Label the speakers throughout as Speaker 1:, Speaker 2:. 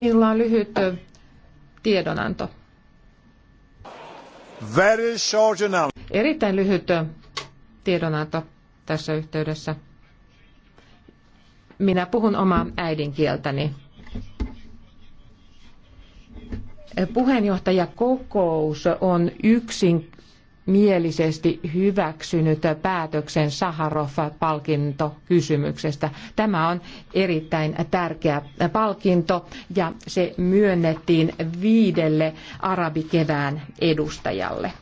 Speaker 1: Minulla on lyhyt tiedonanto. Very short Erittäin lyhyt tiedonanto tässä yhteydessä. Minä puhun omaa äidinkieltäni. Puheenjohtajakokous on yksin mielisesti hyväksynyt päätöksen Saharov-palkintokysymyksestä. Tämä on erittäin tärkeä palkinto ja se myönnettiin viidelle arabikevään edustajalle.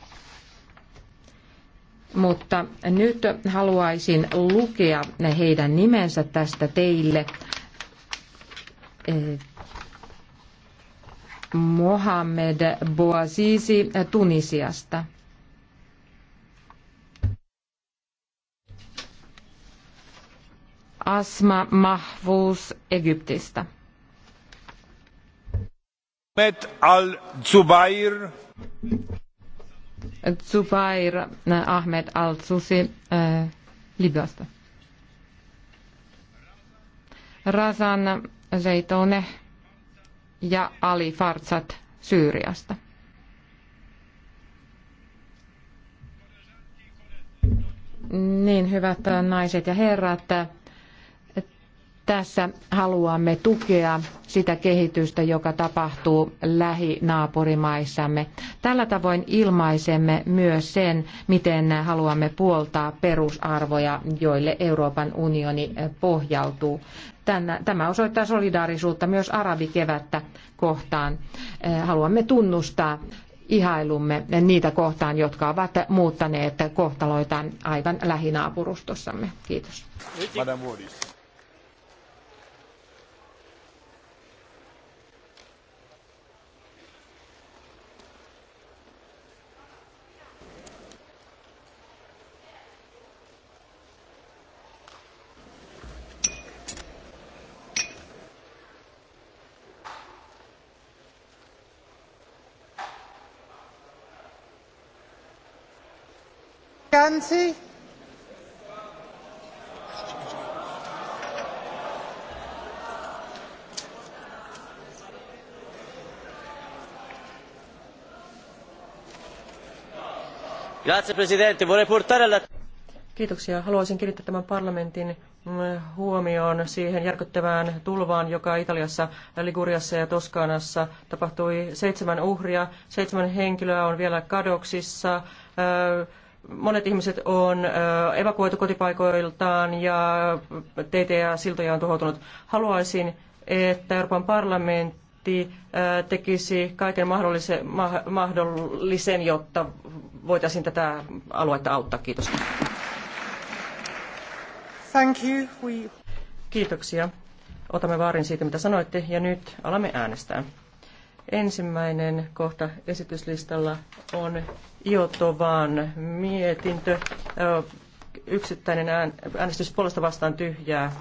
Speaker 1: Mutta nyt haluaisin lukea heidän nimensä tästä teille. Eh, Mohamed Boazizi Tunisiasta. Asma Mahvuus Egyptistä.
Speaker 2: Ahmed al-Zubair.
Speaker 1: Zubair eh, Ahmed al-Susi äh, Libyasta. Razan Zeitone ja Ali Farsat Syyriasta. Niin, hyvät naiset ja herrat, tässä haluamme tukea sitä kehitystä, joka tapahtuu lähinaapurimaissamme. Tällä tavoin ilmaisemme myös sen, miten haluamme puoltaa perusarvoja, joille Euroopan unioni pohjautuu. Tämä osoittaa solidaarisuutta myös arabikevättä kohtaan. Eh, haluamme tunnustaa ihailumme niitä kohtaan, jotka ovat muuttaneet kohtaloitaan aivan lähinaapurustossamme. Kiitos. Madame
Speaker 2: Grazie Presidente, vorrei portare alla... Kiitoksia. Haluaisin kiinnittää tämän parlamentin mm, huomioon siihen järkyttävään tulvaan, joka Italiassa, Liguriassa ja Toskanassa tapahtui. Seitsemän uhria, seitsemän henkilöä on vielä kadoksissa. Öö, monet ihmiset on evakuoitu kotipaikoiltaan ja teitä ja siltoja on tuhoutunut. Haluaisin, että Euroopan parlamentti tekisi kaiken mahdollisen, mahdollisen jotta voitaisiin tätä aluetta auttaa. Kiitos. Thank you. We... Kiitoksia. Otamme vaarin siitä, mitä sanoitte, ja nyt alamme äänestää. Ensimmäinen kohta esityslistalla on Iotovan mietintö. Yksittäinen äänestys puolesta vastaan tyhjää.